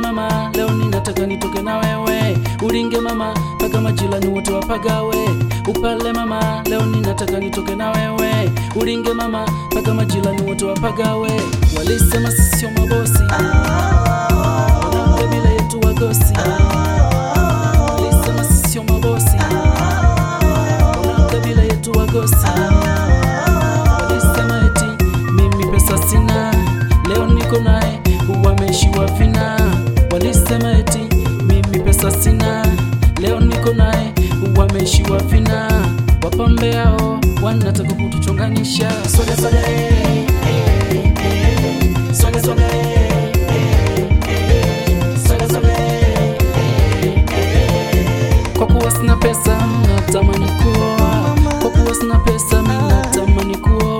mama, leo ninataka nitoke na wewe, uringe mama, paka majirani wote wapagawe. Upale mama, leo ninataka nitoke na wewe, uringe mama, paka majirani wote wapagawe. Walisema sisi sio mabosi wako naye wameshiwa fina, wapambeao wanataka kutuchonganisha. Swaga swaga eh, eh, eh. eh, Kwa kuwa sina pesa, mnatamani kuoa. Kwa kuwa sina pesa, mnatamani kuoa.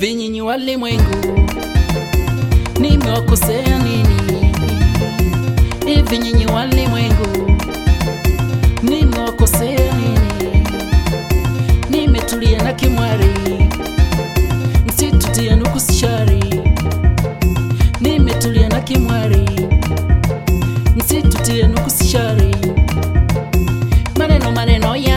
hivi nyinyi walimwengu, nimewakosea nini? Hivi nyinyi walimwengu, nimewakosea nini? Nimetulia na kimwari, msitutia nukusishari. Nimetulia na kimwari, msitutie nukusishari. Maneno maneno, yeah.